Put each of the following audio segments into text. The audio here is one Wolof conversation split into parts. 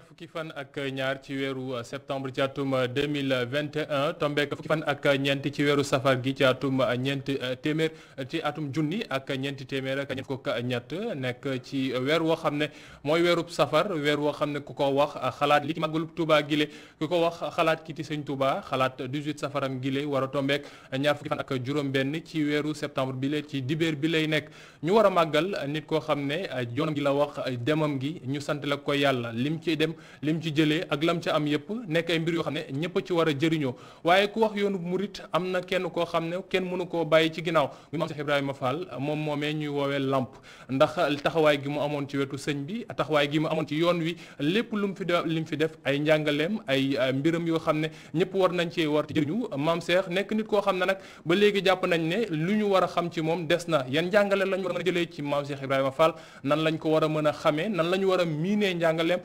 ñaar fukki fan ak ñaar ci weeru septembre ci atum 2021 tombeek fukki fan ak ñeent ci weeru safar gi ci atum ñeent téeméer ci atum junni ak ñeenti téeméer ak ñeent fukk ñett nekk ci weer woo xam ne mooy weerub safar weer woo xam ne ku ko wax xalaat li ci màggalub tubaa gile ku ko wax xalaat kii ci sëñ Touba xalaat 18 safaram gile war a tombeek ñaar fukki fan ak juróom-benn ci weeru septembre bi la ci dibeer bi lay nekk ñu war a màggal nit koo xam ne jonam gi la wax demam gi ñu sant la ko yàlla lim ci dem dem lim ci jëlee ak lam ci am nekk yoo xam ne ñëpp ci war a jëriñoo waaye ku wax yoonu murit kenn koo xam ne kenn mënu koo bàyyi ci ginnaaw muy maam Cheikh Ibrahima Fall moom moomee ñuy woowee lamp ndax taxawaay gi mu amoon ci wetu sëñ bi taxawaay gi mu amoon ci yoon wi lépp lu mu fi def li mu fi def ay njàngaleem ay mbiram yoo xam ne ñëpp war nañ cee war jëriñu maam Cheikh nekk nit koo xam ne nag ba léegi jàpp nañ ne lu ñu war a xam ci moom des na yan njàngale lañ war a mën ci maam Cheikh Ibrahima Fall nan lañ ko war a mën a xamee nan la ñu war a miinee njàngaleem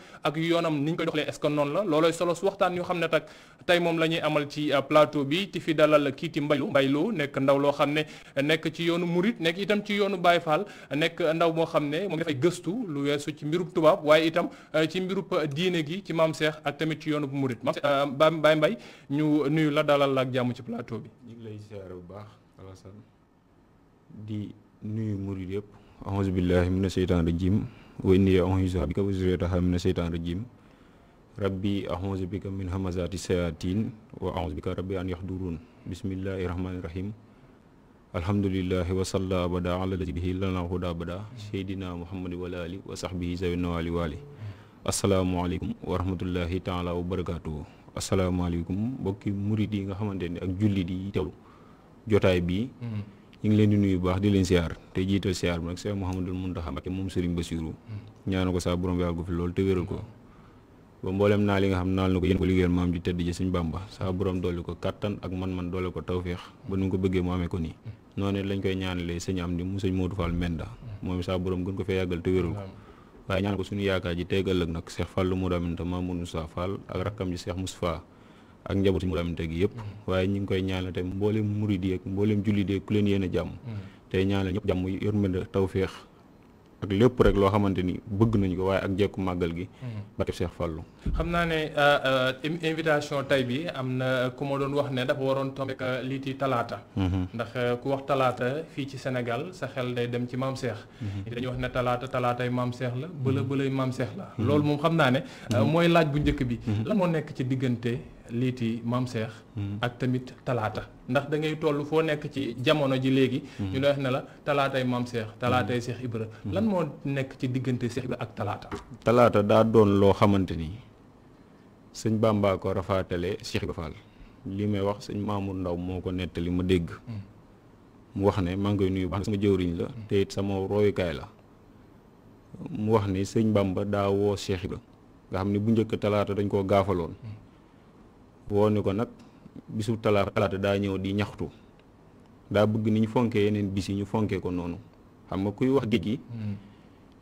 yoonam ni ñu koy doxalee est-ce noonu la loolooy solo su waxtaan yoo xam ne tak tey moom la ñuy amal ci euh, plateau bi ti fi dalal kiiti mbay mbaylu nekk ndaw loo xam ne nekk ci yoonu murit nekk itam ci yoonu Baye Fall nekk ndaw moo xam ne moom dafay gëstu lu weesu ci mbirub tubaab waaye itam euh, ci mbirub euh, diine gi ci maam seex ak tamit ci yoonu murit maam Baye Mbaye ñu nuyu la dalal la ak jàmm ci plateau bi. ñu ngi lay ziar bu baax Alassane di nuyu murit yëpp. auzu billahi mina seytaan وإني أعوذ بك وزريرها من الشيطان الرجيم ربي أعوذ بك من همزات الشياطين وأعوذ بك ربي أن يحضرون بسم الله الرحمن الرحيم الحمد لله وصلى أبدا على الذي به لنا هدى أبدا سيدنا محمد والآل وصحبه ذوي والي والي السلام عليكم ورحمة الله تعالى وبركاته السلام عليكم بك yi nga xamante ne ak jullit yi teewlu jotaay bii mm-hmm. ñi ngi leen di nuyu bu baax di leen ziar te jiital ziar bi nag Cheikh Mouhamadul Mountakha Mbacké mom Serigne basirou ñaanu ko sa borom yàggu fi lol te wéral ko bo mbollem na li nga xam naal nako yeen ko liggéeyal maam ju tedd ji serigne bamba sa borom dolli ko katan ak man-man dolli ko tawféex ba nu ko bëgge mo amé ko ni noné lañ koy ñaanalé serigne am mu serigne Modou Fall Menda mom sa borom gën ko fe yagal te wéral ko waaye ñaan ko suñu yaaka ji teeg ak nak Cheikh Fallou Mamoudou Fall ak rakam ji Cheikh mustapha ak njabootu Muhammadul Aminta gi yëpp mm-hmm. waaye ñu ngi koy ñaanal tamit mboolem murid yi ak mboolem jullit yi ku leen yéen a jàmm mm-hmm. tey ñaanal ñëpp jàmm yërmande tawféex ak lépp rek loo xamante ni bëgg nañ ko waaye ak jekku màggal gi mm-hmm. barke Cheikh Fallou xam naa ne euh, euh, invitation tay bi am na ku ma doon wax ne dafa waroon tombe euh, lii ci talaata ndax ku wax talaata fii ci senegal sa xel day dem ci maam Cheikh dañuy wax ne talaata talaatay maam seex la bëla bëlay la loolu moom xam naa ne mooy laaj bu njëkk bi lan nekk ci diggante liiti maam seex mm-hmm. ak tamit talaata ndax da ngay toll foo nekk ci jamono ji léegi mm-hmm. ñu lay wax ne la talaatay maam seex talaatay mm-hmm. seex ibra lan moo nekk ci diggante seex ibra ak talaata talaata daa doon loo xamante ni sëñ bàmbaa ko rafaatale seex ibra faal li may wax sëñ Mamour Ndaw moo ko nettali ma dégg mm. mu wax ne maa ngi koy nuyu baax la mm. te sama royukaay la mu wax ne sëñ Bamba daa woo seex ibra nga xam ne bu njëkk talaata dañ koo gaafaloon mm. woo ni ko nag bisu talaata daa ñëw di ñaxtu daa bëgg ni ñu fonkee yeneen bis yi ñu fonkee ko noonu xam nga kuy wax géej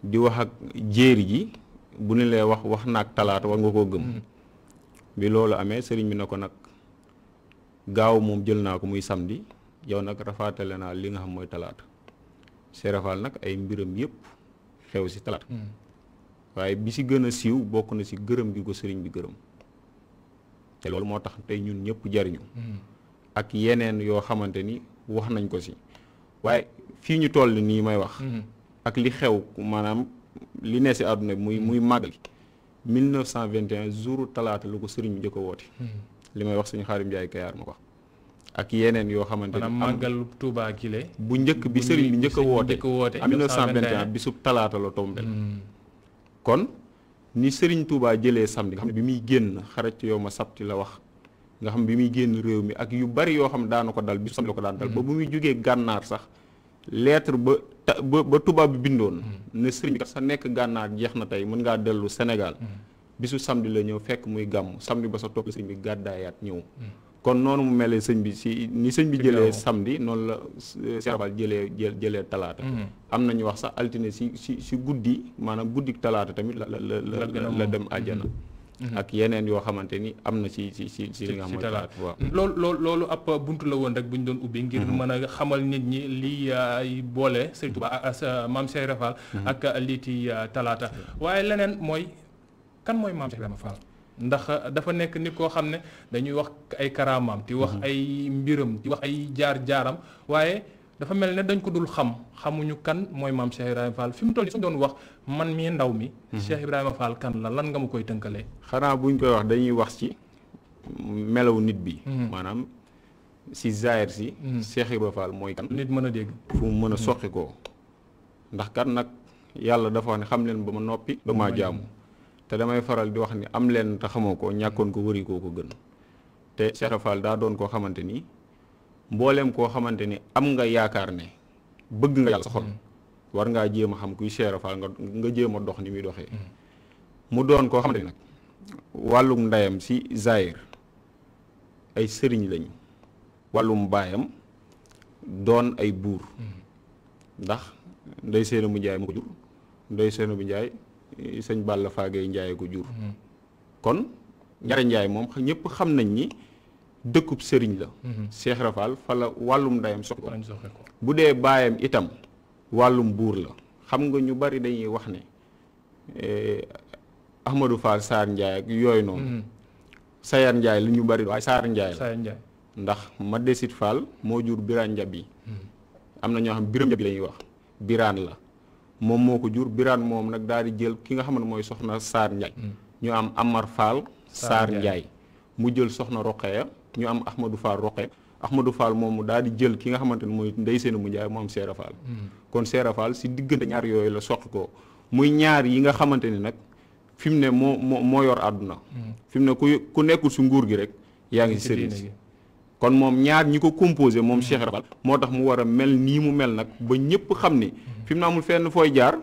mm. wax ak jéeri ji bu ni lay wax wax naag talaata war koo gëm mm. bi loolu amee sëriñ bi na ko nag gaaw moom jël naa ko muy samedi yow nag rafaatale naa li nga xam mooy talaata seerafaal nag ay mbiram yëpp xew si talaata mm. waaye bi si gën a siiw bokk na si gërëm gi ko sëriñ bi gërëm te loolu moo tax tey ñun ñëpp jariñu hmm. ak yeneen yoo xamante ni wax nañ ko si waaye fii ñu toll nii may wax hmm. ak li xew maanaam li ne si àdduna bi muy muy hmm. vingt 1921 jouru talaata lu ko sëriñ bi njëkk woote li may wax suñu xaarim Njaay Kayaar ma wax ak yeneen yoo xamante ni màggalu Tuubaa gi bu njëkk bi sëriñ bi njëkk a woote en 1921 bisub talaata la tombel kon ni Serigne Touba jëlee samedi nga xam ne bi muy génn xarat yow ma sabti la wax nga xam bi muy génn réew mi ak yu bari yoo xam daana ko dal bi samedi la ko daan dal mm-hmm. ba bu muy jógee gànnaar sax lettre ba ba ba tubaab bi bindoon mm-hmm. ne Serigne bi sa nekk gànnaar jeex na tey mën ngaa dellu Sénégal mm-hmm. bisu samedi la ñëw fekk muy gàmm samedi ba sa topp Serigne bi gàddaayaat ñëw kon noonu mu melee sëñ bi si ni sëñ bi jëlee samedi noonu la serabal jëlee jëlee talaata mhm. am na ñu wax sax altine si si si guddi maanaam guddik talaata tamit la la dem àjjana mhm. Mhm. ak yeneen yoo xamante ni am na si ci ci ci nga xamante ne waaw. loolu loolu loolu ab buntu la woon rek bu ñu doon ubbi. ngir mën a xamal nit ñi lii ay boole Sëriñ Tuubaa ak maam Cheikh Ibra ak lii ah, talaata waaye leneen mooy kan mooy maam Cheikh Ibra ndax dafa nekk nit koo xam ne dañuy wax ay karaamaam ti wax mhm. ay mbiram di wax ay jaar-jaaram waaye dafa mel ne dañ ko dul xam xamuñu kan mooy maam Cheikh Ibrahima Fall fi mu toll nii suñ doon wax man mii ndaw mi mhm. Cheikh Ibrahima Fall kan la lan nga ma koy tënkalee xanaa buñ koy wax dañuy wax ci melow nit bi mhm. maanaam si zaahir si Cheikh Ibrahima Fall mooy kan nit mën a dégg fu mu mën a soqi koo ndax kan nag yàlla dafa wax ne xam leen ba ma noppi ba ma jaamu te damay faral di wax ni am leen te xamoo ko ñàkkoon ko wëri koo ko gën te Cheikh Ibra daa doon koo xamante ni mbooleem koo xamante ni am nga yaakaar ne bëgg nga yàlla sa xol mm. war ngaa jéem a xam kuy Cheikh nga nga jéem a dox ni muy doxee mm. mu doon koo xamante ni nag wàllum ndeyam si Zaire ay sëriñ lañu wàllum baayam doon ay buur mm. ndax ndey seena bu njaay mu ko jur ndey seena bu njaay sëñ Balla Fagay Njaay ko jur mm-hmm. kon Njare Njaay mom ñëpp xam nañ ni dëkkub sëriñ la mm-hmm. Seex Rafaal fa la wàllum ndeyam sox ko bayam itam walum buur la xam nga ñu bari dañuy wax ne eh, Ahmadou Fall Saar Njaay ak yooyu non mm-hmm. Sayar Njaay li ñu bari waaye Saar Njaay la ndax ma desit Fall mo jur biran Njabi am ñoo xam Biram Njabi lañuy wax biran la moom moo ko jur biraat moom nag daal di jël ki nga xam ne mooy soxna Saar Ndiaye. Mm. ñu am Amar Fall. Saar Ndiaye mu jël soxna Roqeya ñu am Ahmadou Fall Roqe. Ahmadou Fall moomu daal di jël ki nga xamante ni mooy ndey seen mu njaay mu am Seera Fall. Mm. kon Seera Fall si diggante ñaar yooyu la soqi ko muy ñaar yi nga xamante ni nag fi mu ne moo moo yor àdduna. Mm. fi mu ne ku ku nekkul si nguur gi rek yaa ngi si sëriñ si kon moom ñaar ñi ko composé moom Cheikh Ibra moo tax mu war a mel nii mu mel nag ba ñëpp xam ni fi mu ne amul fenn fooy jaar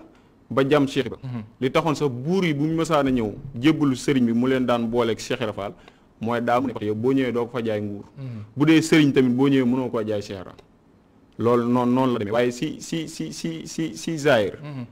ba jàmm Cheikh Ibra mhm. li taxoon sax buur yi bu ñu mësaan a ñëw jébbalu sëriñ bi mu leen daan booleeg Cheikh Ibra Fall mooy daa ne yow boo ñëwee doo ko fa jaay nguur mhm. bu dee sëriñ tamit boo ñëwee mënoo koo jaay Cheikh Ibra loolu noon noonu la demee waaye si si si si si si zaahir mhm.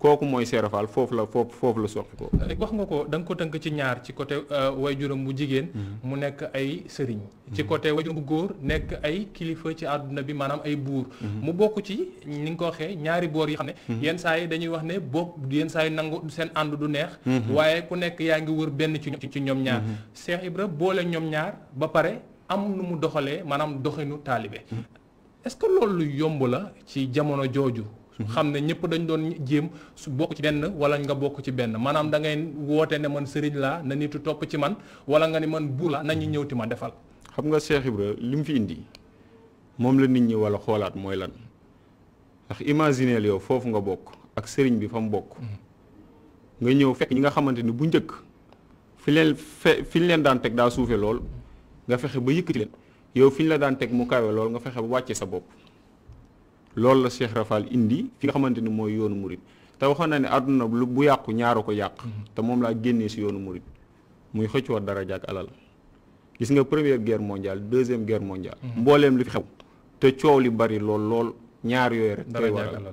kooku mooy Seera foofu la foofu foofu la soqi ko wax nga ko da nga ko tënk ci ñaar ci côté euh, waajuram bu jigéen mm-hmm. mu nekk ay sëriñ mm-hmm. ci côté waajuram bu góor nekk ay kilifa ci àdduna bi maanaam ay buur mm-hmm. mu bokk ci ni nga ko waxee ñaari boor yi xam ne yenn saa yi dañuy wax ne bokk yenn saa yi nangu seen ànd du neex waaye ku nekk yaa ngi wër benn ci ci ñoom ñaar Cheikh Ibra boole ñoom ñaar ba pare am nu mu doxalee maanaam doxinu taalibe est-ce que loolu yomb la ci jamono jooju xam ne ñëpp dañ doon jéem su bokk ci benn wala nga bokk ci benn maanaam da ngay woote ne man sëriñ laa na nitu topp ci man wala nga ne man bu la nañu ti ma defal xam nga Cheikh Ibra li mu fi indi moom la nit ñi wala xoolaat mooy lan ndax imagineel yow foofu nga bokk ak sëriñ bi fa mu bokk mm-hmm. nga ñëw fekk ñi nga xamante ni bu njëkk fi leen fe fi ñu leen daan teg daa suufe lool nga fexe ba yëkkati leen yow fi ñu la daan teg mu kawe lool nga fexe ba wàcce sa bopp loolu la Cheikh Rafal indi fi nga xamante ni mooy yoonu murit te waxoon na ne àdduna lu bu yàqu ñaaro ko yàq mhm. te moom laa génnee si yoonu murit muy xëccoo daraja ak alal gis nga première guerre mondiale deuxième guerre mondiale mhm. mbooleem li fi xew te coow li bari lool lool ñaar yooyu rek koy waral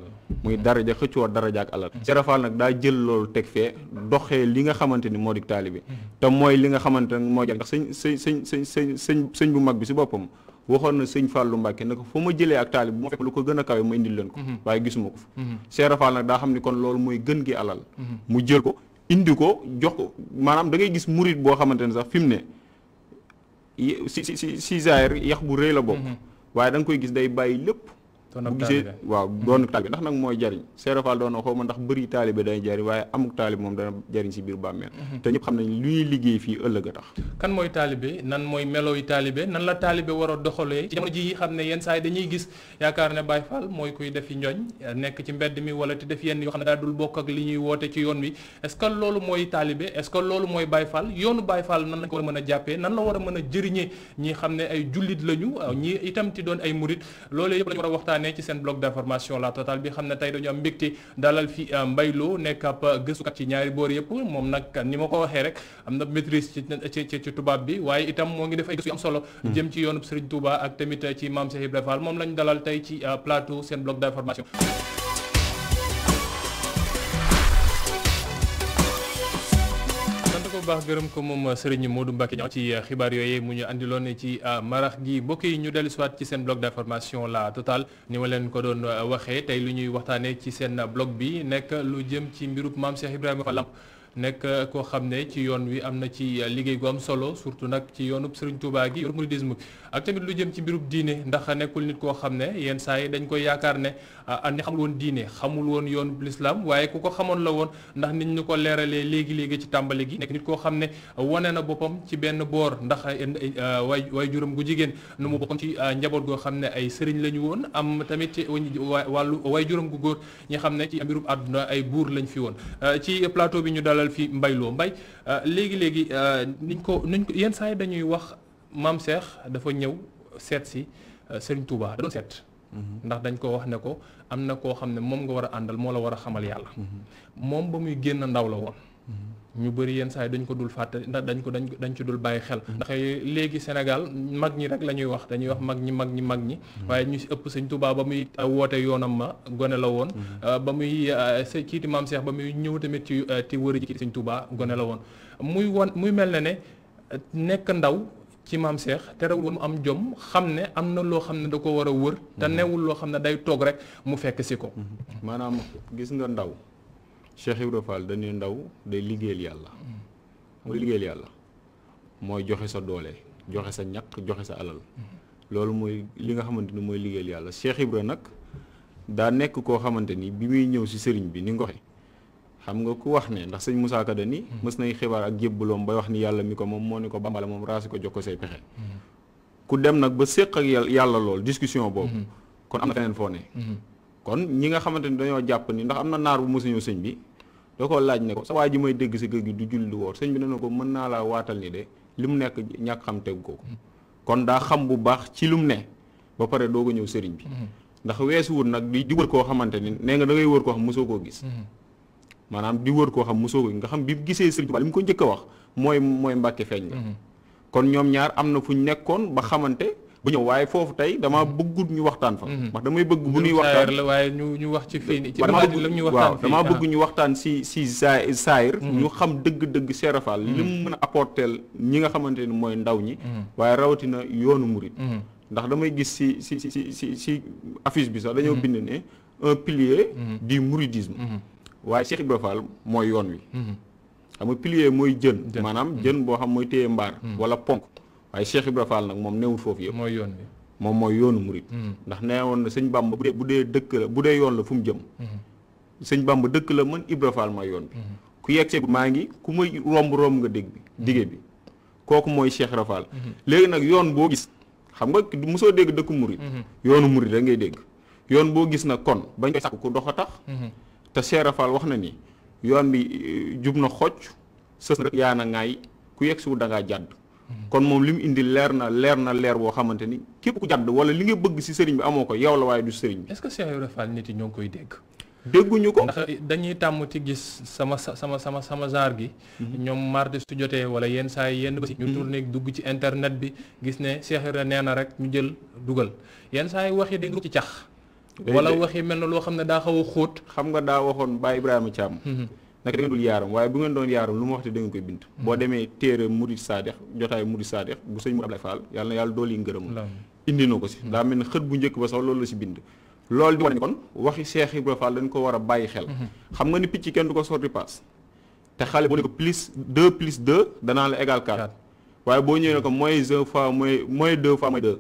muy daraja xëccoo daraja ak alal mhm. Cheikh Rafal nag daa jël loolu teg fee doxee li nga xamante ni moo di taalibe te mooy li nga xamante ne moo jar ndax sëñ sëñ sëñ sëñ sëñ sëñ bu mag bi si boppam waxoon na sëñ fàllu Mbacke ne ko fa ma jëlee ak taalib bu ma fekk lu ko gën a kawe ma indil leen ko mhm. waaye gisuma ko fa mhm. Cheikh Fall nag daa xam ni kon loolu mooy gën gi alal mhm. mu jël ko indi ko jox ko maanaam da ngay gis murit boo xamante ne sax fi mu ne si si si si zaahir yax bu rëy la bokk waaye da nga koy gis day bàyyi lépp bu gisee waaw doon taalibe ndax nag mooy jariñ seerofal doon na xaw ma ndax bëri taalibe day jariñ waaye amuk taalibe moom dana jariñ si biir bàmmeel mhm. te ñëpp xam nañ lu ñuy liggéey fii ëllëg a tax kan mooy taalibe nan mooy melo yi nan la taalibe war a doxalee ci jamono ji xam ne yenn saa yi dañuy gis yaakaar ne Baye Fall mooy kuy defi njoñ nekk ci mbedd mi wala te def yenn yoonu Baye Fall nan la a mën a jàppee nan la war a mën a jëriñee a waxtaanee ci sen bloc d'information la total bi xam tay dañu am dalal fi euh, mbaylo nek ap euh, geussu kat ci ñaari bor yep mom nak ni ma ko waxee rek amna maîtrise ci ci ci bi waye itam mo ngi def ay geussu am solo hmm. jëm ci yoonu Serigne Touba ak tamit ci mam Cheikh ibrahim Fall moom lañ dalal tay ci euh, plateau sen bloc d'information bu baax gërëm ko moom Serigne Modou Mbacke Niang ci xibaar yooyu mu ñu andiloon ci euh, marax gi mbokk yi ñu dellu si waat ci seen blog d'information la totale ni ma leen ko doon euh, waxee tey lu ñuy waxtaanee ci seen blog bi nekk lu jëm ci mbirub maam ma Ibrahima Fall nekk euh, koo xam ne ci yoon wi am na ci liggéey gu am solo surtout nag ci yoonub Serigne Touba gi yoonu mouridisme ak tamit lu jëm ci mbirub diine ndax nekkul nit koo xam ne yenn saa yi dañ andi ah, ah, xamul woon diine xamul woon yoonu lislaam waaye ku ko xamoon la woon ndax nit ñu ko leeralee léegi-léegi ci tàmbali gi nekk nit koo xam ne wane na boppam ci benn boor ndax eh, eh, eh, ah, way way juróom gu jigéen nu mu boppam ci njaboot goo xam ne ay sëriñ la ñu woon am tamit ci wàllu way juróom gu góor ñi xam ne ci mbirub àdduna ay buur lañ fi woon ci plateau bi ñu dalal fi Mbaye Lo Mbaye léegi-léegi niñ ko niñ ko yenn saa yi dañuy wax maam Cheikh dafa ñëw seet si Serigne Touba da doon Mm-hmm. ndax dañ ko wax ne ko am na koo xam ne moom nga war a àndal moo la war a xamal yàlla mm-hmm. moom ba muy génn ndaw la woon mm-hmm. ñu bëri yenn saa dañ ko dul fàtte ndax dañ ko dañ dañ ci dul bàyyi xel ndax léegi Sénégal mag ñi rek la ñuy wax dañuy wax mag ñi mag ñi mag ñi waaye ñu si ëpp sëñ Touba ba muy woote yoonam ma gone la woon euh, ba muy ti euh, maam Cheikh ba muy ñëw tamit ci ci euh, wër ji sëñ Touba gone la woon muy won muy mel ne ne ndaw ci maam Cheikh terewul mu am jom xam ne am na loo xam ne da ko war a wër te mhm. newul loo xam ne day toog rek mu fekk si ko mhm. maanaam gis nga ndaw Cheikh Ibra Fall dañuy ndaw day liggéeyal yàlla mooy mhm. liggéeyal yàlla mooy joxe sa doole joxe sa ñaq joxe sa alal mooy li nga xamante ni mooy liggéeyal yàlla Cheikh Ibra nag daa nekk koo xamante ni bi muy ñëw si sëriñ bi ni nga xam nga ku wax ne ndax sëñ Moussa Ka dani mës nay xibaar ak jébbaloom bay wax ni yàlla mi ko moom moo ni ko bambala moom raasi ko jox ko say pexe mm-hmm. ku dem nag ba séq ak yàlla lool discussion boobu mm-hmm. kon am na feneen foo ne mm-hmm. kon ñi nga xamante ni dañoo jàpp ni ndax am na naar bu mës a ñëw sëñ bi da ko laaj ne ko sa waa ji may dégg si kër gi du julli du woor sëñ bi ne na ko mën naa laa waatal ni de li mu nekk ñàkk xam tegu ko ko kon daa xam bu baax ci lu mu ne ba pare doog a ñëw bi ndax weesu wut nag di wër koo xamante ni nee nga da ngay wër koo xam koo gis maanaam di wër koo xam mosoo nga xam bi gisee Serigne Touba li mu ko njëkk a wax mooy mooy Mbàkke feeñ la mhm. kon ñoom ñaar am na fu ñu nekkoon ba xamante ba ñëw waaye foofu tey damaa mhm. bëggut ñu waxtaan fa mhm. ndax damay bëgg bu ñuy waxtaan la waaye ñu ñu wax ci fii ci waaw damaa bëgg ñu waxtaan si si saa saayir ñu xam dëgg-dëgg seerafal li mu mën a apporteel ñi nga xamante ni mooy ndaw ñi waaye rawatina yoonu murit ndax damay gis si si si si si affiche bi sax dañoo bind ne un pilier du mouridisme waaye Cheikh Ibrahima Fall mooy yoon wi mhm. xam nga pilier mooy jën maanaam jën boo xam mooy téye mbaar mhm. wala ponk waaye Cheikh Ibrahima Fall nag moom newul foofu yëpp mooy yoon wi moom mooy yoonu murit mhm. ndax nee na sëñ Bamba bu dee bu dee dëkk la bu dee yoon la fu mu jëm sëñ Bamba dëkk la man Ibrahima Fall mooy yoon bi ku yegsee maa ngi ku may romb romb nga dégg bi digge bi kooku mooy Cheikh Ibrahima léegi nag yoon boo gis xam nga mosoo dégg murit yoonu murit rek ngay dégg yoon boo gis nag kon bañ koy sàkk ku tax te Cheikh Rafal wax na ni yoon bi euh, jub na xocc sës na yaa na ngaay ku yegg siwu da ngaa jàdd kon moom li mu indi leer na leer na leer boo xamante ni képp ku jàdd wala li nga bëgg si sëriñ bi amoo ko yow la waaye du sëriñ bi est-ce que Cheikh Rafal nit yi ñoo ngi koy dégg dégguñu ko ndax dañuy tàmm ci gis sama sama sama sama genre gi mhm. ñoom mardi su jotee wala yenn saa yenn bés ñu mhm. tourné dugg ci internet bi gis ne Cheikh Ibra nee na rek ñu jël dugal yenn saa yi wax yi dégg ci cax wala waxi mel na loo xam ne daa xaw a xóot xam nga daa waxoon Baye Ibrahima Thiam mm-hmm. naka da ngeen dul yaaram waaye bu ngeen doon yaaram lu ma wax te da ngeen koy bind boo mm-hmm. demee téere Murid Saadix jotaay Murid Saadix bu sëñ Abdoulaye Fall yàlla na yàlla dooli ngërëm indi na ko si daa mel ne xët bu njëkk ba sax loolu la si bind loolu di wane kon waxi Cheikh Ibrahima Fall dañ ko war a bàyyi xel mm-hmm. xam nga ni picc kenn du ko sorti paas te xale boo ne ko plus deux plus deux danaa la égal quatre waaye boo ñëwee ne ko moins un fois moins moins deux fois moins deux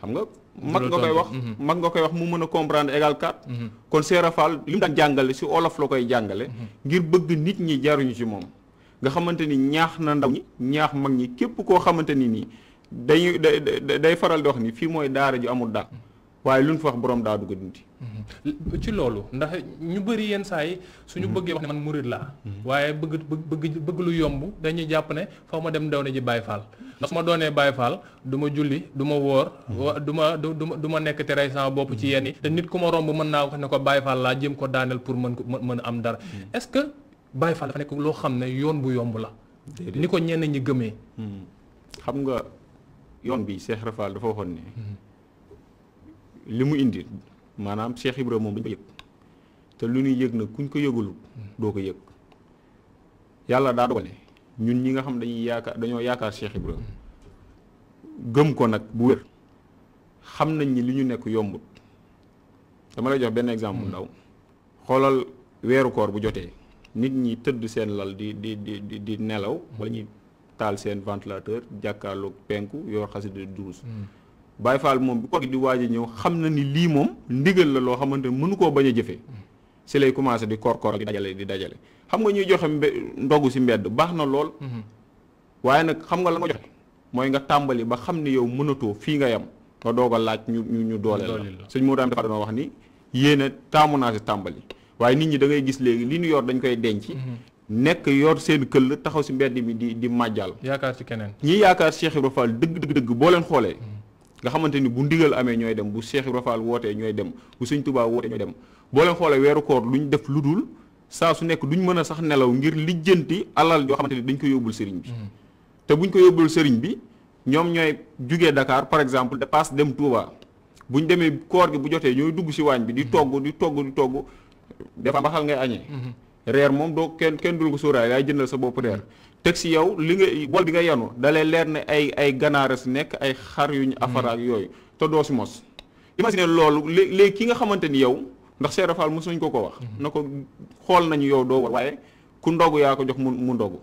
xam nga mag nga koy wax mag nga koy wax mu mën a comprendre égal 4 mhm. kon Seera Fall li mu daan jàngale si olof la koy jàngale mhm. ngir bëgg nit ñi jaruñu si moom nga xamante ni ñaax na ndaw ñi ñaax mag ñi képp koo xamante ni nii dañuy day day faral di wax ni fii mooy daara ju amul daal mhm. waaye lu ñu fa wax borom daa dugg dindi ci loolu ndax ñu bëri yenn saa yi suñu mhm. bëggee wax ne man murid laa mhm. waaye bëgg bëgg bëgg lu yomb dañuy jàpp ne faw ma dem daw ne ji Baye Fall ndax su ma doonee Baye Fall du ma julli du ma wóor mhm. du ma du ma nekk te rey sama bopp ci yenn yi te nit ku ma romb mën naa wax ne ko Baye Fall laa jëm ko daaneel pour mën ko mën a am dara est-ce que Baye Fall dafa nekk loo xam ne yoon bu yomb la ni ko ñenn ñi gëmee xam nga yoon bi Cheikh Rafal dafa waxoon ne li mu indi maanaam Cheikh Ibra moom dañ ko yëg te lu ñuy yëg nag kuñ ko yëgul doo ko yëg yàlla daa dogale ñun ñi nga xam dañuy yaakaar dañoo yaakaar Cheikh Ibra gëm ko nag bu wér xam nañ ni li ñu nekk yombut dama lay jox benn exemple ndaw xoolal weeru koor bu jotee nit ñi tëdd seen lal di di di di nelaw wala ñuy taal seen ventilateur jàkkaarloog penku yor xasida duus Baye Fall moom bi ko di waaj a ñëw xam na ni lii moom ndigal la loo xamante mënu lay commencé di kor di dajale di dajale xam nga ñuy joxe ndogu si mbedd baax na lool mhm. waaye nag xam nga la nga joxe mooy nga tàmbali ba xam yow mënatoo fii nga yam nga doog a laaj ñu ñu ñu doole la sëñ moo daam dafa wax ni yéen a taamu naa si nit ñi da ngay gis li ñu yor dañ koy denc mhm. nekk yor seen këll taxaw si mbedd mi di di majal. yaakaar ci keneen ñi yaakaar Cheikh Ibrahima Fall dëgg dëgg dëgg nga xamanteni ni bu ndigal amé ñoy dem bu Cheikh rafal Fall ñoy dem bu seigne touba wootee ñoy dem bo leen xolé wéru koor luñ def luddul sa su nek duñ mëna sax nelaw ngir lijeenti alal jo xamanteni ni dañ ko yobul serigne bi mm-hmm. té buñ ko yobul serigne bi ñom ñoy juggé Dakar par exemple de passe dem Touba buñ démé koor gi bu joté ñoy dugg ci wañ bi di mm-hmm. togg di togg di togg dafa baxal ngay agné mm-hmm. reer mom do ken ken dul ko souray lay jëndal sa bop reer teg si yow li nga bool bi nga yenu dalay leer ne ay ay ganaara si nekk ay xar yu ñu afaraak mm. yooyu te doo si mos imagine loolu léegi ki nga xamante ni yow ndax Cheikh Rafal mosuñ ko ko wax mm-hmm. na ko xool nañu yow doo war waaye ku ndogu yaa ko jox mu mu ndogu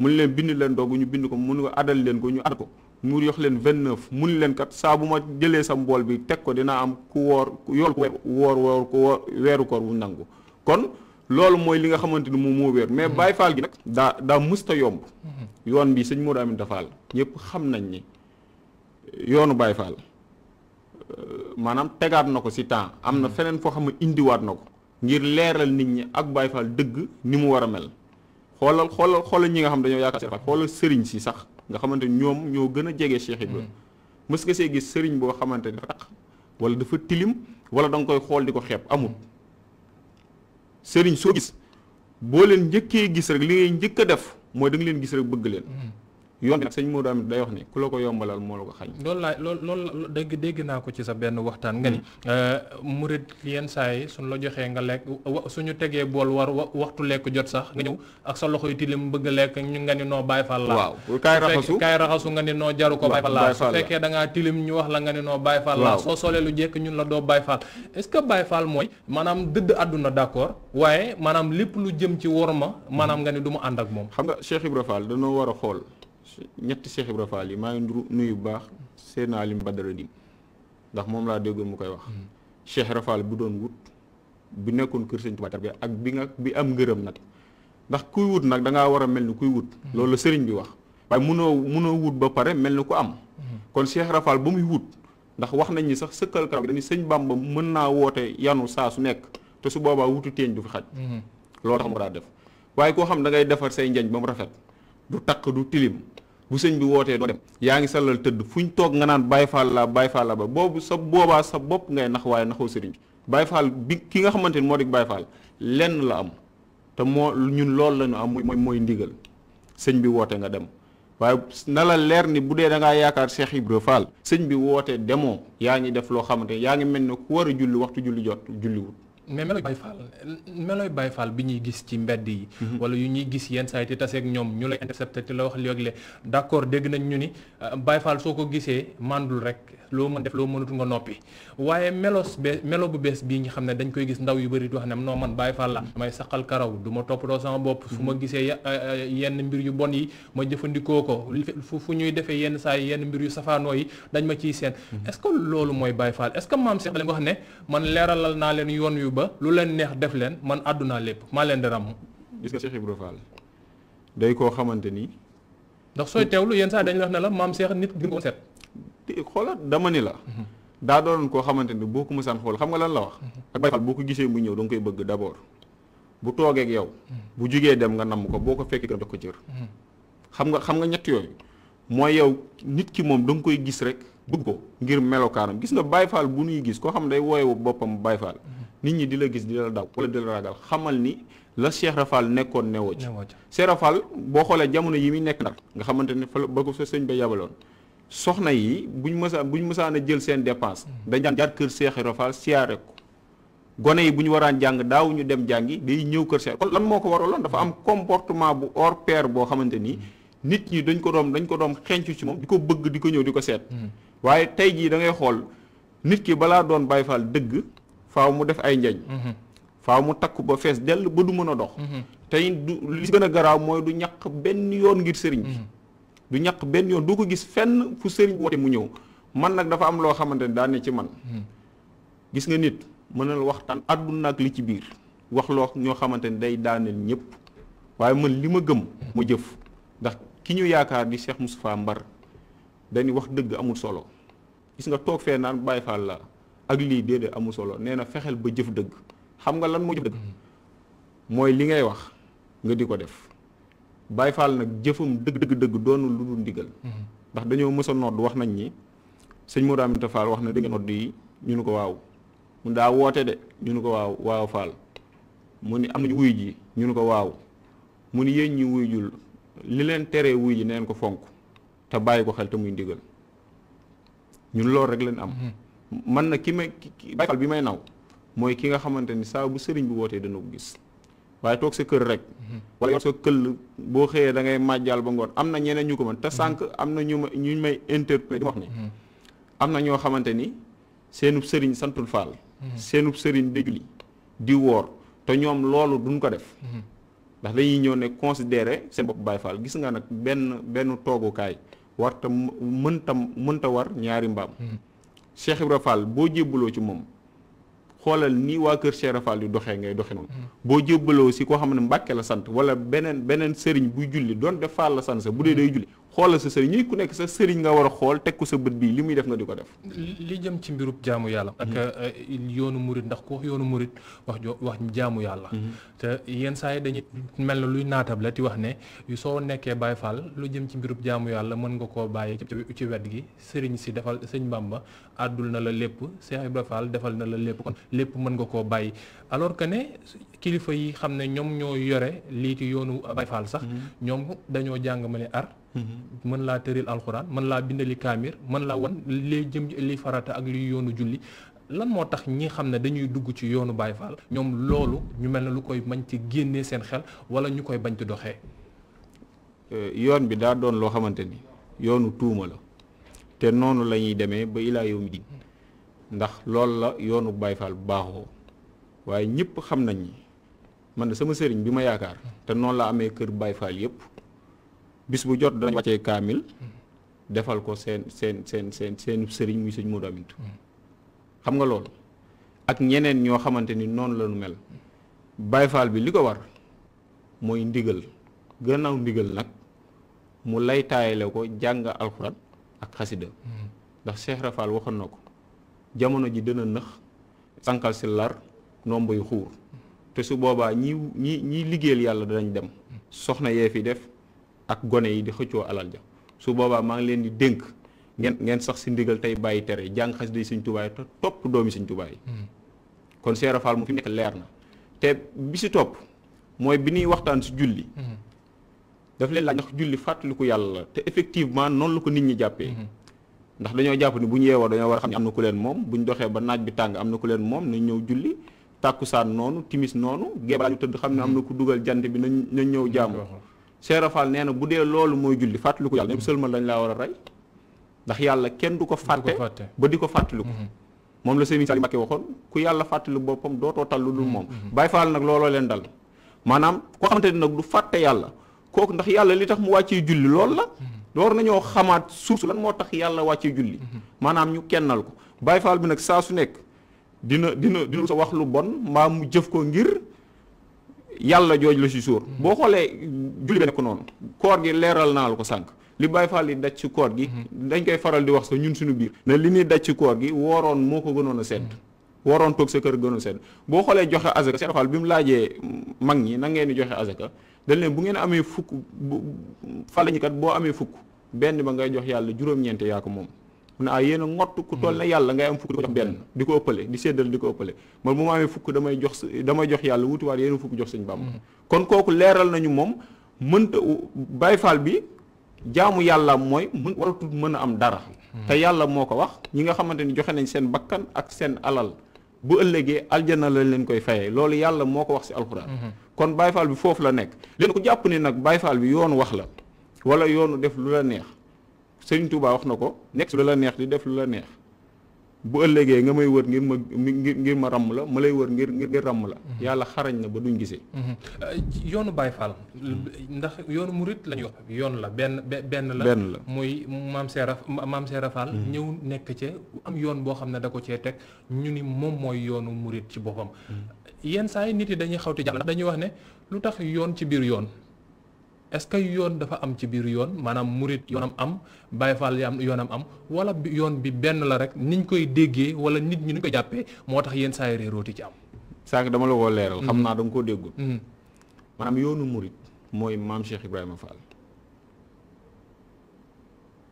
mun leen bind leen ndogu ñu bind ko mun ko adal leen ko ñu ad ko mu jox leen vingt neuf mun leen kat saa bu ma jëlee sa mbool bi teg ko dina am ku woor yool woor woor ko weeru koor wu nangu kon Lol moy li nga xamanteni mo mo moo mais Baye Fall gi nak da da musta yomb yoon bi seigne Modou amine dafal ñepp xam nañ ni euh, yoonu Baye Fall euh, manam tegaat nako ci temps amna fenen fo xam indi indiwaat ngir leeral nit ñi ak Baye Fall deug ni mu war mel xolal xolal xoolal ñi nga xam dañu yaaka Cheikh Fall xoolal ci si sax nga xamanteni ñom ño gëna a Cheikh Ibra mës nga see gis sëriñ boo xamante ni wala dafa tilim wala dang koy xol diko ko amul sëriñ soo gis boo leen njëkkee gis rek li ngay njëkk def mooy da leen gis rek bëgg leen mm-hmm. yoon bi nag sëñ Modou Amit day wax ni ku la ko yombalal moo la ko xañ loolu laa loolu loolu dégg dégg naa ko ci sa benn waxtaan nga ni hmm. euh, murid yenn saa yi suñ la joxee nga lekk suñu tegee bool war waxtu lekk jot sax nga ñëw ak sa loxo tilim bëgg lekk ñu nga ni noo Baay Faal la waaw kaay raxasu kaay raxasu nga ni noo jaru ko Baay Faal la su fekkee da ngaa tilim ñu wax la nga ni noo Baay Faal la soo solee lu jekk ñun la doo Baay Faal est-ce que Baay Faal mooy maanaam dëdd àdduna d'accord waaye maanaam lépp lu jëm ci worma maanaam nga ni du mu ànd ak moom xam nga Cheikh Ibra Fall dañoo war a xool ñetti Cheikh Ibra yi maa ngi nuyu bu baax seen Alim Badara Dim ndax moom laa déggoon mu koy wax mm. Cheikh Ibra bu doon wut bu nekkoon kër Sëñ Tuubaa tarbiya ak bi nag bi am ngërëm nag ndax kuy wut nag da ngaa war a mel ni kuy wut mm. loolu la sëriñ bi wax waaye munoo wut ba pare mel ni ku am mm. kon Cheikh Ibra ba muy wut ndax wax nañ ni sax sëkkal kaw gi dañuy sëñ Bàmba mën naa woote yanu saa su nekk te su boobaa wuti téeñ du fi xaj loolu tax mu daa def waaye koo xam da ngay defar say njañ ba mu rafet du takk du tilim bu sëñ bi wootee doo dem yaa ngi sallal tëdd fu ñu toog nga naan Baye Fall la Baye ba boobu sa boobaa sa bopp ngay nax waaye naxoo sëriñ bi Baye Fall bi ki nga xamante ni moo di Baye Fall lenn la am te moo ñun loolu lañu ñu am mooy mooy ndigal sëñ bi wootee nga dem waaye na la leer ni bu dee da ngaa yaakaar Cheikh Ibra Fall sëñ bi wootee demoo yaa ngi def loo xamante yaa ngi mel ne ku war a julli waxtu julli jot julliwut mais melooy Baye Fall melooy Baye gis ci mbedd yi. Mhm. wala yu ñuy gis yenn saa yi te taseeg ñoom ñu lay intercepté te la wax léegi le d' accord dégg nañ ñu ni euh, Baye Fall soo ko gisee mandul rek loo mën def loo mënatu nga noppi waaye melos bees melo bu bees bii nga xam ne dañ koy gis ndaw yu bëri di wax ne noo man Baye Fall la mhm. damay saqal karaw du ma toppatoo sama bopp. su ma mhm. gisee euh, euh, yenn mbir yu bon yi ma jëfandikoo ko fu ñuy defee yenn saa yi yenn mbir yu safaanoo yi dañ ma ciy seen. loolu mooy Baye Fall maam Cheikh dañ ko ba lu leen neex def leen man àddunaa lépp maa leen di ràmm. gis nga Cheikh Ibra Fall day koo xamante ni. ndax sooy teewlu yenn saa dañuy wax ne la maam Cheikh nit gi ko set. xoolal dama ni la. daa doon koo xamante ni boo ko mësaan xool xam nga lan la wax. Mhm. ak Baay boo ko gisee mu ñëw da nga koy bëgg d'abord bu toogee ak yow. Mhm. bu jugee dem nga namm ko boo ko fekkee daf ko jër. Mhm. xam nga xam nga ñett yooyu. mooy yow nit ki moom da koy gis rek bëgg ko ngir melokaanam gis nga Baay Faal bu nuy gis koo xam day wooyewu boppam Baay nit ñi di la gis di la daw wala di la ragal xamal ni la Cheikh Rafal nekkon newo ci Cheikh Rafal bo xolé jamono yi mi nekk nak nga xamanteni fa ba ko sa be yabalon soxna yi buñ mësa buñ mësa na jël seen dépense mm. dañ daan jaar kër Cheikh Rafal siaré ko gone yi buñ waraan jang daaw ñu dem jangi day ñew kër Cheikh lan moko waro lan dafa am comportement bu or pair bo xamanteni mm. nit ñi dañ ko doom dañ ko doom xencu ci mom di bëgg di ñew diko di waye tay mm. waaye da ngay xol nit ki bala doon bayfal deug faaw mu def ay njañ mhm. faaw mu takku ba fess del ba du mëna dox mhm. tay du li gëna graw moy du ñak ben yoon ngir sëriñ bi mhm. du ñak ben yoon du ko gis fenn fu sëriñ woote mu ñëw man nak dafa am lo xamanteni ne ne ci man gis nga nit mënal waxtan aduna ak li ci biir wax lo ño xamanteni day daanel ñëpp waye man lima gëm mu jëf ndax ki ñu yaakaar di Cheikh Moustapha Mbar dañ wax dëgg amul solo gis nga toog fee naan Baye Fall la ak lii déedéet amu solo nee na fexeel ba jëf dëgg xam nga lan moo jëf dëgg mooy li ngay wax nga di ko def Baay Faal nag jëfam dëgg dëgg doonu lu dul ndigal mhm. ndax dañoo mës a nodd wax nañ ni sëñ moo Aminta Fall wax na dégg nodd yi ñu nu ko waaw mu daa woote de ñu nu ko waaw waaw Fall mu ni am nañu wuy ji ñu nu ko waaw mu ni yéen ñi wuy jul li leen tere wuy ji neen ko fonk te bàyyi ko xel te muy ndigal ñun loolu rek leen am mhm. man na ki may bayfal bi may naw mooy ki nga xamante ni saa bu sëriñ bu wootee dana ko gis waaye toog sa kër rek mhm. wala yor sa këll boo xëyee da ngay màjjal ba ngoon am na ñeneen ñu ko mën te mhm. sànq am na ñu ma ñu may interpellé di wax ne mhm. am na ñoo xamante ni seenub sëriñ santul faal seenub sëriñ di julli di woor te ñoom loolu duñ ko def ndax dañuy ñëw ne considéré seen bopp Baay Faal gis nga nag benn benn toogukaay warta mënta mënta war ñaari mbaam Cheikh Ibra boo jébbaloo ci moom xoolal nii waa kër Cheikh Ibra Fall yu doxee ngay doxe noonu hmm. boo jébbaloo si koo xam ne mbàkkee la sant wala beneen beneen sëriñ buy julli doon def Fall la sant sa bu dee day hmm. julli xoolal sa sëriñ ñuy ku nekk sa sëriñ nga war a xool teg ku sa bët bii li muy def nga di ko def li jëm ci mbirub jaamu yàlla ak mhm. euh, yoonu murit ndax ku yoonu murit wax jo wax jaamu yàlla mhm. te yenn saa yi dañuy mel na luy naatab la ti wax ne soo nekkee Baay Faal lu jëm ci mbirub jaamu yàlla mën nga koo bàyyi ci wet gi sëriñ si defal sëñ Bamba àddul na la lépp Seex Ibra Faal defal na la lépp kon lépp mën nga koo bàyyi alors que ne kilifa yi xam ne ñoom ñoo yore lii ci yoonu Baay Faal sax mhm. ñoom dañoo jàng ma ne ar Mm-hmm. mën laa tëril alxuraan mën laa bindali kaamir mën laa wan liy jëm li farata ak liy yoonu julli lan moo tax ñi xam ne dañuy dugg ci yoonu Baye Fall ñoom loolu ñu mel ne lu koy mañ ci génnee seen xel wala ñu koy bañ ci doxee. Euh, yoon bi daa doon loo xamante ni yoonu tuuma la te noonu la ñuy demee ba ilaa yawmi din ndax loolu la yoonu Baye Fall baaxoo waaye ñëpp xam nañ ni na sama sëriñ bi ma yaakaar te noonu la amee kër Baye Fall yëpp. bis bu jot danañ wàccee kaamil defal ko seen seen seen seen seen sëriñ muy sëñ Modou Amintu xam nga loolu ak ñeneen ñoo xamante ni noonu la mel Baay Faal bi li ko war mooy ndigal gannaaw ndigal nag mu lay taayale ko jàng alxuraan ak xasida ndax Cheikh waxoon na ko jamono ji dina nëx sànqal si lar nomboy xuur te su boobaa ñi ñi ñiy liggéeyal yàlla danañ dem soxna yee fi def ak goné yi di xëccoo alal ja su boobaa maa ngi leen di dénk ngeen ngeen sax si ndigal tey bàyyi tere jàng xas day Sëñ Tuubaa yi te topp doomi Sëñ Tuubaa hmm. kon Cheikh Rafal mu fi nekk leer na te bi si topp mooy bi ñuy waxtaan si julli hmm. daf leen laaj ndax julli fàttaliku yàlla la te effectivement noonu la ko nit ñi jàppee hmm. ndax dañoo jàpp ni bu ñu yeewoo dañoo war a xam am na ku leen moom bu ñu doxee ba naaj bi tàng am ku leen moom nañ ñëw julli noonu timis noonu gee balaa ñu tëdd xam ne am na ku dugal jant bi nañ ñëw Cheikh Fall nee na bu dee loolu fatlu julli fàttaliku yàlla seulement lañ la wara ray ndax yalla kenn duko faté ba diko di ko mom mm-hmm. la Serigne sali Mbacké waxoon ku yalla fatlu bopam doto talu dul mm-hmm. mom mm-hmm. bay Fall nak lolou len dal manam ko xamanteni nak du faté yalla kok ndax yalla li tax mu wacce julli lolou la door nañu xamaat source lan mo tax yalla wacce julli manam ñu kennal ko bay Fall bi nak sa su nek dina dina dina sa wax lu bon ma mu jëf ko ngir yalla jooj la si suur boo xoolee julli benn ko noonu koor gi leeral naa la ko sànq li bàyyi Faal yi daj ci koor gi dañ koy faral di wax sa ñun suñu biir ne li ñuy daj ci koor gi wooroon moo ko gënoon a sedd waroon toog sa kër gënoon sedd boo xoolee joxe azaka Seex Faal bi mu laajee mag ñi na ngeen ni joxe azaka dañ leen bu ngeen amee fukk fal lañu kat boo amee fukk benn ba ngay jox yàlla juróom-ñeent yaa ko moom na ne ah yéen ngott ku toll hmm. yalla ngay am fukk di ko jox opale. di ko ëppale di séddal di ko man bu ma fukk damay jox damay jox yalla wuti war a fukk jox sëñ bam hmm. kon koku nañu mom bi jaamu yalla moy am dara hmm. te yalla moko wax ñi nga xamanteni nañ seen bakkan ak seen alal bu ëllegé aljana la leen koy fayé loolu yalla moko wax si alquran. kon Baay Faal bi fofu la nek leen ko japp ni nak bi yoon wax la wala yoonu def lu neex Serigne Touba wax na ko nekk lu la neex di def lu la neex bu ëllëgee nga may wër ngir ma ngir ma ràmm la ma lay wër ngir ngir ràmm la. Mhm. yàlla xarañ na ba duñ gisee. Mhm. yoonu Baye Fall. ndax yoonu murit lañu wax yoon la benn benn la. la muy maam Seera maam Seera mhm. ñëw nekk ce am yoon boo xam ne da ko cee teg ñu ni moom mooy yoonu murit ci boppam. yenn saa yi nit yi dañuy xawti jàll ndax dañuy wax ne lu tax yoon ci biir yoon. est-ce que yoon dafa am ci biir yoon maanaam yon yoonam am Baay Faal am yon am wala yon bi benn la rek niñ koy déggee wala nit ñi ni ko jàppee moo tax yenn saa yi réerooti ci am. sànq dama la ko leeral. xam hmm. naa da nga koo déggul. Hmm. maanaam yoonu murit Cheikh Ibrahima Fall.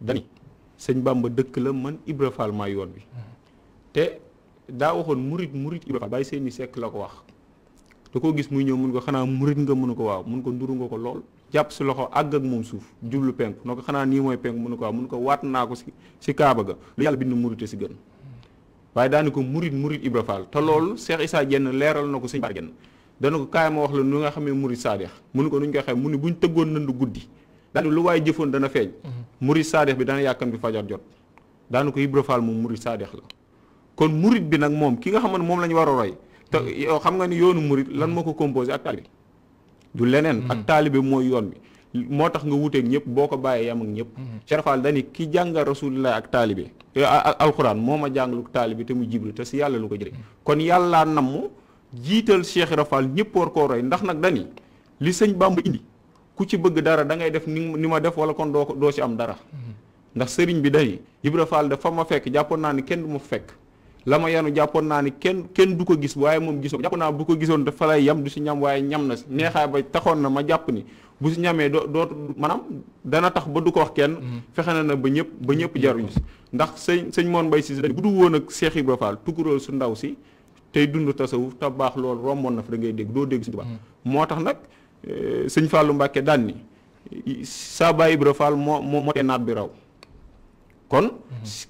dani sëñ Bamba dëkk la man Ibra Fall maa yoon bi. Hmm. te daa waxoon murid mourid Ibra Fall bàyyi seen i sekk la ko wax. da gis muy ñëw mun ko xanaa mourid nga mun ko waaw mun ko nduru nga ko lool japp ci loxo ag ak moom suuf jublu penku noko xana ni moy penku mu ko waaw ko waat naa kaaba ga lu yàlla bind murite gën waye daniko mouride mouride Ibra Fall te lolou Cheikh isa jenn leral na seigne bargen danako kay ko ma wax la nu nga xamee mouride sadiq mu ne ko nu ñu koy buñ teggon nandu guddi dal lu way jëfoon dana feeñ mouride mm-hmm. sadiq bi dana yakam bi fajar jot danako Ibra Fall la kon murid bi nak mom ki nga xam mom lañ waro roy te mm-hmm. xam nga ni yoonu mouride lan moko composer ak talib du leneen mm-hmm. ak taalibe mooy yoon bi moo tax nga wuteeg ñëpp boo ko bàyyee yam ak ñëpp sherfal mm-hmm. dani ki jàngal rasulullah ak taalibe ak alquran moo ma jàngalu taalibe te mu jiblu te si yàlla lu ko jëre mm-hmm. kon yàllaa namm jiital Cheikh Rafal ñëpp war koo roy ndax nag dani li sëñ Bamba ku ci bëgg dara da ngay def ni ma def wala kon doo doo ci am dara ndax sëriñ bi dani Ibra Fall dafa ma fekk jàppoon naa ni kenn du ma fekk la ma yanu jàppoon naa ni kenn kenn du ko gis waaye moom gisoo jàppoon naa bu ko gisoon dafa fa lay yam du si ñam waaye ñam na si neexaay ba taxoon na ma jàpp ni bu si ñamee doo doo maanaam dana tax ba du ko wax kenn mm-hmm. fexe na na ba ñëpp ba ñëpp mm-hmm. jaruñu si ndax sëñ sëñ moon mbay si bu du woon ak Cheikh Ibra Fall tukurool su ndaw si tey dund tasawuf te baax loolu romboon na fa da ngay dégg doo dégg si baax mm-hmm. moo tax nag eh, sëñ Fallou Mbacke daal ni saa Baay Ibra Fall moo moo moo tee naat bi raw kon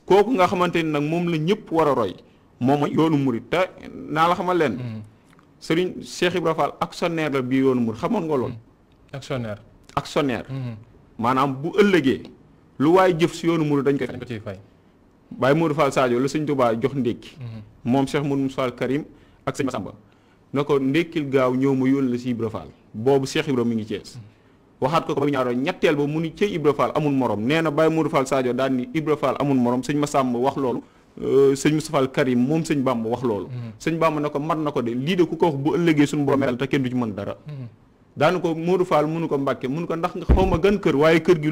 kooku nga xamante ni nag moom lañ ñëpp war a roy moom yoonu murit te naa la xamal leen mm-hmm. sëriñ Cheikh Ibra Fall actionnaire la bii yoonu murit xamoon nga loolu mm-hmm. actionnaire actionnaire mm-hmm. maanaam bu ëllëgee lu waaye jëf si yoonu murit dañ ko ciy fay Baye Modou Fall Sadio la sëñ Touba jox ndékki moom Cheikh Modou Moussa Karim ak sëñ Massamba na ko ndékkil gaaw ñëw ma yónni la si Ibra Fall boobu seex Ibra mi ngi Cees waxaat ko ko ba ñaaro ñetteel ba mu ni cey Ibra Fall amul morom nee na Baye Modou Fall Sadio daan ni Ibra Fall amul morom sëñ wax loolu euh, sëñ Moustapha mm-hmm. na ko mat na ko de lii ko wax bu ëllëgee suñu borom yàlla te kenn du ci mën dara mm-hmm. ko Modou Fall mënu ko ndax nga xaw ma gan kër waaye kër gi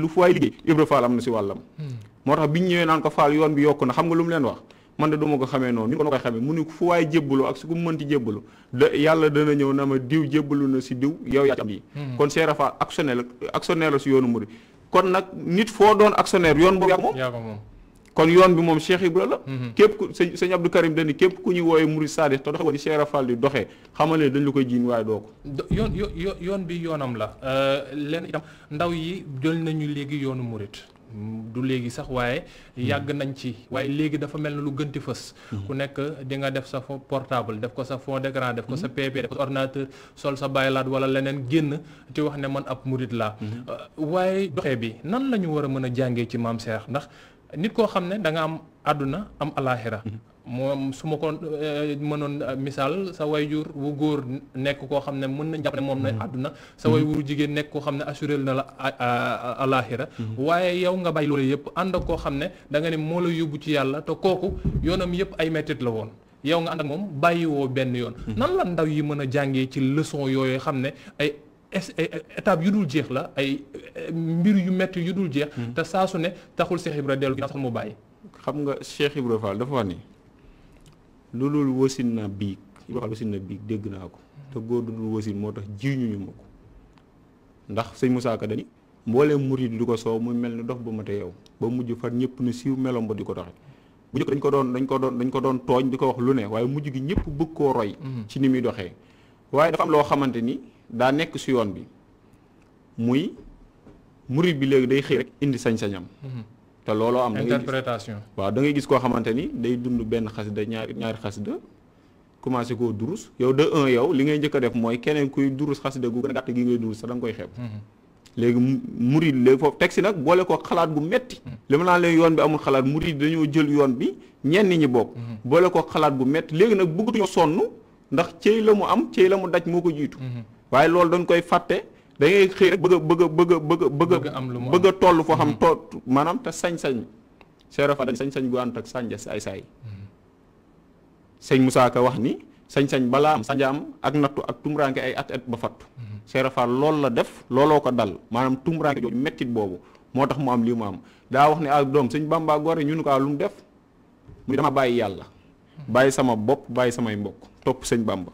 si wàllam mm-hmm. moo tax bi ñu ñëwee naan ko Fall yoon bi yokk na xam nga lu mu leen wax man de du ma ko xamee noonu ni ko koy xamee mu ni fu waay jébbalu ak su ko mënti jébbalu da yàlla dana ñëw na ma diw jébbalu na si diw yow yaa am yi hmm. kon Cheikh Rafa actionnaire la actionnaire la si yoonu murid kon nag nit foo doon actionnaire yoon boobu yaa ko moom kon yoon bi moom Cheikh Ibra la hmm. képp ku sëñ sëñ Abdou Karim dañu képp ku ñuy wooye murid saadix te doxe ni Cheikh Rafal di doxee xamal ne dañ la koy jiin waaye doo ko yoon yoon bi yoonam la euh, lenn itam ndaw yi jël nañu léegi yoonu murid du léegi sax waye yag nañ ci waye léegi dafa melni na lu gënti ku nek di nga def sa portable def ko sa fond d'écran def ko sa pp def ko ordinateur sol sa bàyyilaat wala lenen genn ci wax ne man ab mourid la mhm. waye doxé bi nan lañu wara mëna a ci maam Cheikh ndax nit ko xamné da nga am alahera. am alakhirah mhm. moom su ma ko eh, mënoon eh, misaal sa wayjur wu góor nekk koo xam ne mën na jàpp ne moom na mm-hmm. àdduna sa mm-hmm. wayjur jigéen nekk koo xam ne assuré na la alaaxira mm-hmm. waaye yow nga bàyyi loolu yëpp ànd ak koo xam ne da nga ne moo la yóbbu ci yàlla te kooku yoonam yëpp ay mettit la woon yow nga ànd ak moom bàyyiwoo benn yoon nan la ndaw yi mën a jàngee ci leçon yooyu xam ne ay étape yu dul jeex la ay eh, mbir yu metti yu dul jeex te saa su ne taxul Cheikh rek dellu taxul mu bàyyi xam nga Cheikh Ibra lulul wosin na naa biig wax wasin na biig deg na ko te go du dul wasin moo tax jiñuñu ma ko ndax sëñ Moussa Ka dani mboolee murid lu ko so mu mel ni bu mata yow ba mujj far ñëpp ne melom ba di ko doxe bu njëkk dañ ko doon dañ ko doon dañ ko doon tooñ di ko wax lu ne waaye mujj gi ñëpp bëgg koo roy mhm. ci ni muy doxee dafa am loo xamante ni nek nekk yoon bi muy murid bi léegi day xëy rek indi sañ-sañam mhm. te looloo am. interprétation waaw da ngay gis koo xamante ni day dund benn xasida ñaari ñaari xasida commencé koo durus yow de un yow li ngay njëkk def mooy keneen kuy durus xasida gu gën a gàtt gi ngay durus sax da koy xeeb. Mhm. léegi murid léegi foofu teg si nag boole ko xalaat gu metti mhm. li ma naa leen yoon bi amul xalaat murid dañoo jël yoon bi ñenn ñi bokk. Mhm. boole ko xalaat bu metti léegi nag bëggatuñoo sonn ndax cey la mu am cey la mu daj moo ko jiitu. loolu dañ koy fàtte. da ngay xëy rek bëgg bëgg bëgg bëgg bëgg bëgg a toll foo xam mm-hmm. to manam te sañ-sañ cheikh rafa sañ-sañ gu ant ak sànja ay say mm-hmm. sëñ Moussa Ka wax ni sañ-sañ bala am sànja am ak natu ak tumranke ay at at ba fat mm-hmm. cheikh rafa lool la def loolo ko dal manam tumranke jooju metti bobu motax mu am li mu am da wax ni ak dom sëñ Bamba gore ñun ko ah, lu def mu dama bayyi yalla bayyi sama bop bayyi sama mbokk top sëñ Bamba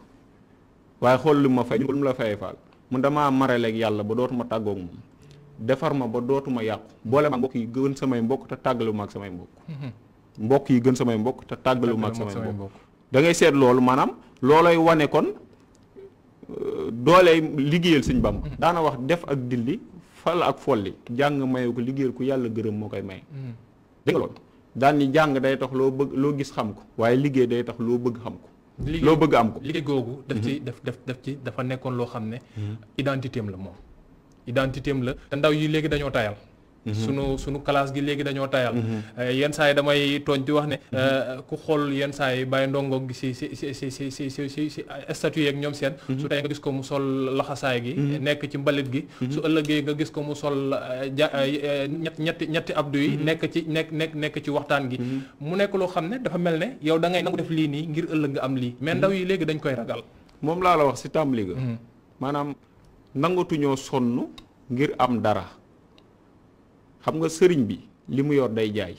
waye xol lu ma fay ñu lu la fal mu damaa maraleeg yàlla ba dootuma tàggoog moom defar ma ba dootuma yàqu boole ma mbokk yi gën samay mbokk te ma ak samay mm-hmm. mbokk yi gën samay mbokk te tàggalu ma ak samay mbokk da ngay seet loolu maanaam loolay wane kon euh, doolee liggéeyal sëñ Bamba mm-hmm. daana wax def ak dilli fal ak folli jàng mayu ko liggéeyal ku yàlla gërëm moo koy maye mm-hmm. dégg nga loolu daan ni jàng day tax loo bëgg loo gis xam ko waaye liggéey day tax loo bëgg xam ko loo bëgg am ko liggéey googu daf ci mhm. daf def def ci dafa nekkoon loo xam ne mhm. identité am la moom identité am la te ndaw yi léegi dañoo tayal Mhm. sunu sunu classe gi léegi dañoo tayal mhm. eh, yenn saa yi damay tooñ di wax ne mhm. eh, ku xool yenn saa yi bàyyi ndongo gi si si si si si si si si statut yeeg ñoom seen su tey nga gis ko mu sol laxasaay gi nekk ci mbalit gi su ëllëgee nga gis ko mu sol eh, ja ñett ñetti ñetti abdu yi nek ci nek nekk nekk ci waxtaan gi mu nekk loo xam ne dafa mel ne yow da ngay nangu def lii nii ngir ëllëg nga am lii mais ndaw yi léegi dañ koy ragal moom laa la wax si tàmbali ga maanaam nangatuñoo sonn ngir am dara xam nga sëriñ bi li mu yor day jaay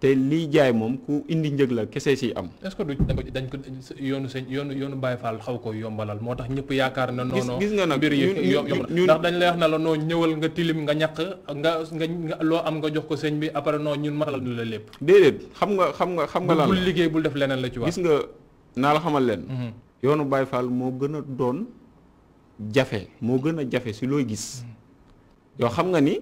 te liy jaay moom ku indi njëg la kese si am. est-ce que du dañ ko yoonu sëñ yoonu yoonu Baye faal xaw ko yombalal moo tax ñëpp yaakaar na. non non gis nga nag mbir yi ndax dañ lay wax na la noo ñëwal nga tilim nga ñàq nga nga loo am nga jox ko sëñ bi après non ñun matal du la lépp. déedéet xam nga xam nga xam nga lan bul liggéey bul def leneen la ci wax. nga naa la xamal leen. Mhm. yoonu Baye Fall moo gën a doon jafe moo gën a jafe si looy gis mhm. yoo xam nga ni.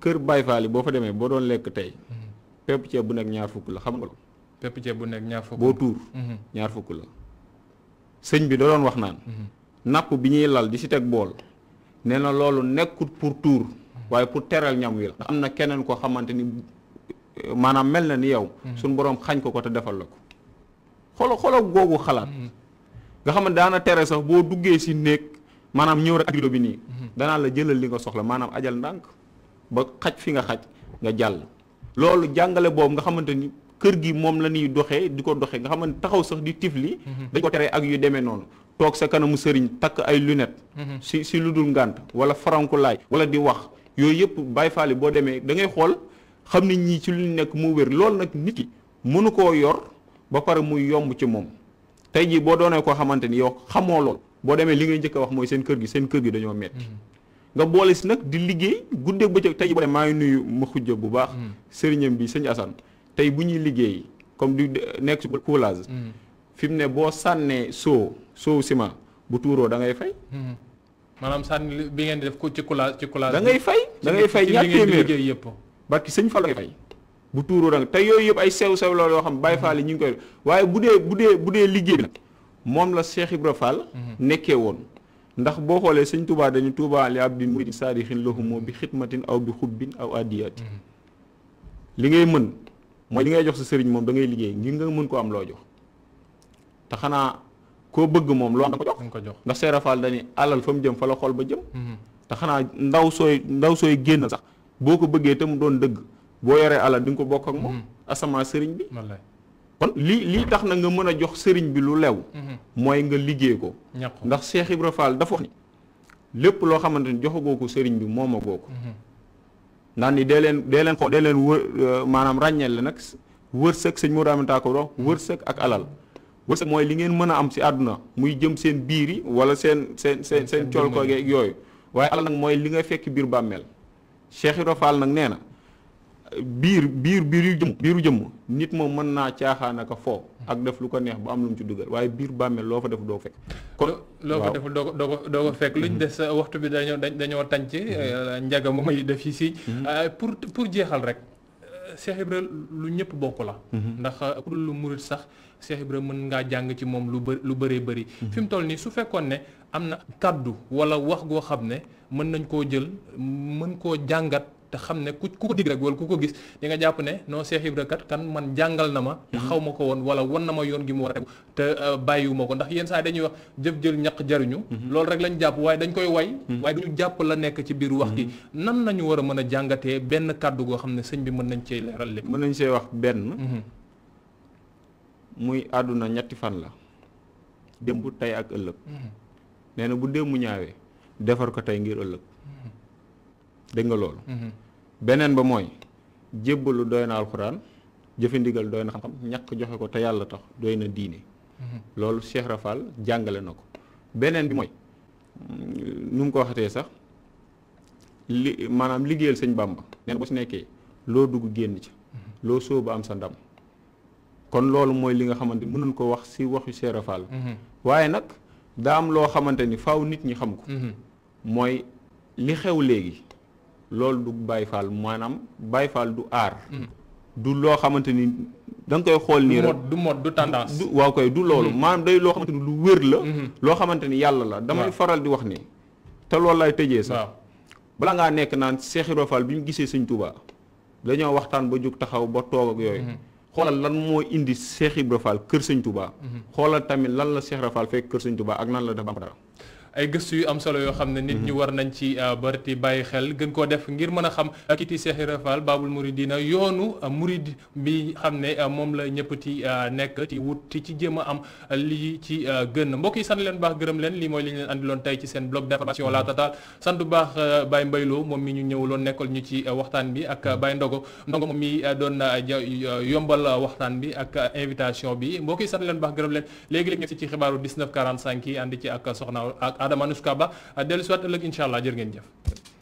kër Baye Fall boo fa demee boo doon lekk tey mhm. pepp ceeb bu nekk ñaar fukk la xam nga ko pepp ceeb bu nekk ñaar fukk boo mhm. ñaar fukk la sëñ bi da wax naan mhm. napp bi ñuy lal di si teg bool nee na loolu nekkut pour tuur waaye pour teral ñam wi la na keneen koo xamante ni maanaam mel na ni yow suñ boroom xañ ko ko defal la ko xolo xolo googu xam ne daana tere sax boo duggee si néeg maanaam ñëw rek ak bi nii danaa la jëlal li nga soxla maanaam ajal ndànk ba xaj fi nga xaj nga jàll loolu jàngale boobu nga xamante ni kër gi moom la ñuy doxee di ko doxee nga xamante taxaw sax di tifli mhm. dañ ko teree ak yu demee noonu toog sa kanamu sëriñ takk ay lunet mhm. si si lu dul ngànt wala farankulaay wala di wax yooyu yëpp bay fale boo demee da ngay xool xam ne ñii ci lu nekk mu wér lool nag nit ki mënu koo yor ba pare muy yomb ci moom tey jii boo doonee koo xamante ni yow xamoo lool boo demee li ngay jëkk a wax mooy seen kër gi seen kër gi dañoo metti mhm. nga boole si nag di liggéey guddeeg bëccëg tey bu maa ngi nuyu ma xujja bu baax. Mm. sëriñam bi sëñ Assane tey bu ñuy liggéey comme di nekk ci coulage. Mm. fi mu ne boo sànnee soo si ma bu tuuroo da ngay fay. Mm. maanaam sànni bi ngeen di def ci coulage ci coulage. da ngay fay da fay ñaar téeméer yëpp. barki sëñ Fall ngay fay. bu tuuroo da tey yooyu yëpp ay sew sew loolu yoo xam Baye Fall yi ñu ngi koy waaye bu dee bu dee bu dee liggéey bi nag moom la Cheikh Ibra nekkee woon. ndax boo xoolee sëñ Tuubaa dañu Tuubaa li abdin bi saarixin lahumoo bi xidmatin aw bi xubbin aw addiyaati mhm. li ngay mën mooy li ngay jox sa sëriñ moom da ngay liggéey ngir nga mën ko am loo jox te xanaa koo bëgg moom loo am da ko jox ndax seerafal dañu alal fa mu jëm fa la xool ba jëm mhm. te xanaa ndaw sooy ndaw sooy génn sax boo ko bëggee te mu doon dëgg boo yoree alal di nga ko bokk ak moom mhm. asamaa sëriñ bi kon lii lii tax na nga mën a jox sëriñ bi lu lew mhm. mooy nga liggéey ko ndax Cheikh Ibra Fall dafa wax ni lépp loo xamante ni joxagoo ko sëriñ bi moomagoo ko mhm. ndax ni dee leen dee leen xoo leen wër euh, maanaam ràññeel la nag wërsëg sëñ moo daamantaa ko dox wërsëg ak alal wërsëg mooy li ngeen mën a am si àdduna muy jëm seen biir yi wala seen seen seen seen col ko yooyu waaye alal nag mooy li nga fekk biir bàmmeel Cheikh Ibra Fall nag nee na biir biir biiru jëmm biiru jëmm nit moom mën naa caaxaan ak foo ak def lu ko neex ba am lu mu ci dugal waaye biir bàmmeel loo fa def doo fekk kon loo fa deful doo ko doo ko doo ko fekk luñ des mhm. waxtu bi dañoo dañoo tànc mhm. euh, njaga moom yi def yi si mhm. euh, pour pour jeexal rek euh, Cheikh Ibra lu ñëpp bokk la ndax ku dul lu murit sax Cheikh mën ngaa jàng ci moom lu bë lu bëree bëri fi mu toll nii su fekkoon ne am na kàddu wala wax goo xam ne mën nañ koo jël mën koo jàngat te xam ne ku ku ko dig rek wala ku ko gis di nga jàpp ne non Cheikh Ibra kat kan man jàngal na ma te mhm. xaw ma ko woon wala wan na ma yoon gi mu war a tegu te euh, bàyyiwuma ko ndax yenn saa dañuy wax jëf jël ñaq jariñu mhm. loolu rek lañ jàpp waaye dañ koy way mhm. waaye duñu jàpp la nekk ci biir wax gi nan nañu war a mën a jàngatee benn kàddu goo xam ne sëñ bi mën nañ cee leeral lépp mën nañ see wax benn muy àdduna ñetti fan la démb tey ak ëllëg nee na bu démb ñaawee defar ko tey ngir dégg nga loolu. Mhm. beneen ba mooy jébbalu doy na alxuraan jëfe ndigal doy na xam-xam joxe ko te yàlla tax doy na diine. Mhm. loolu Cheikh Rafal jàngale na ko beneen bi mooy nu mu ko waxatee sax li maanaam liggéeyal sëñ Bàmba nee na boo si nekkee loo dugg génn ci mhm. loo sóobu am sa ndam kon loolu mooy li nga xamante ni mënuñ ko wax si waxu Cheikh Rafal waaye nag daa am loo xamante ni faw nit ñi xam ko mooy li xew léegi loolu du Baye Fall maanaam Baye Fall du aar. Mm. du loo xamante ni da koy xool nii rek du mode du tendance. du waaw du loolu. Mm. maanaam day loo xamante ni lu wér la. Mm-hmm. loo xamante ni yàlla la. damay faral di wax ni. te loolu lay tëjee sax. balaa ngaa nekk naan Cheikh Ibra bi mu gisee Sëñ Touba dañoo waxtaan ba jóg taxaw ba toog ak yooyu. Mm-hmm. xoolal lan moo indi Cheikh Ibra kër Sëñ Touba. Mm-hmm. xoolal tamit lan la Cheikh Ibra Fall fekk kër Sëñ Touba ak nan la def ba am dara. ay gëstu yu am solo yoo xam ne nit ñi mhm. war nañ ci euh, barti bàyyi xel gën koo def ngir mën a xam euh, kiti Cheikh Ibra Fall Baabul Muridina yoonu euh, murid bi xam ne moom la ñëpp ti nekk ci wut ci jéem a am li ci gën mbokk yi sant leen baax gërëm leen lii mooy li leen andiloon tey ci seen blog d'information La Totale sant bu baax Baye Mbayloo moom mi ñu ñëwuloon nekkal ñu ci waxtaan bi ak Baye Ndogo Ndogo mi doon yombal waxtaan bi ak invitation bi mbokk yi leen baax gërëm léegi-léegi ñu si ci xibaaru 19 yi ànd ci ak soxna ak Adama Anoushka Ba dellu si waat ëllëg incha allah jërë ngeen jëf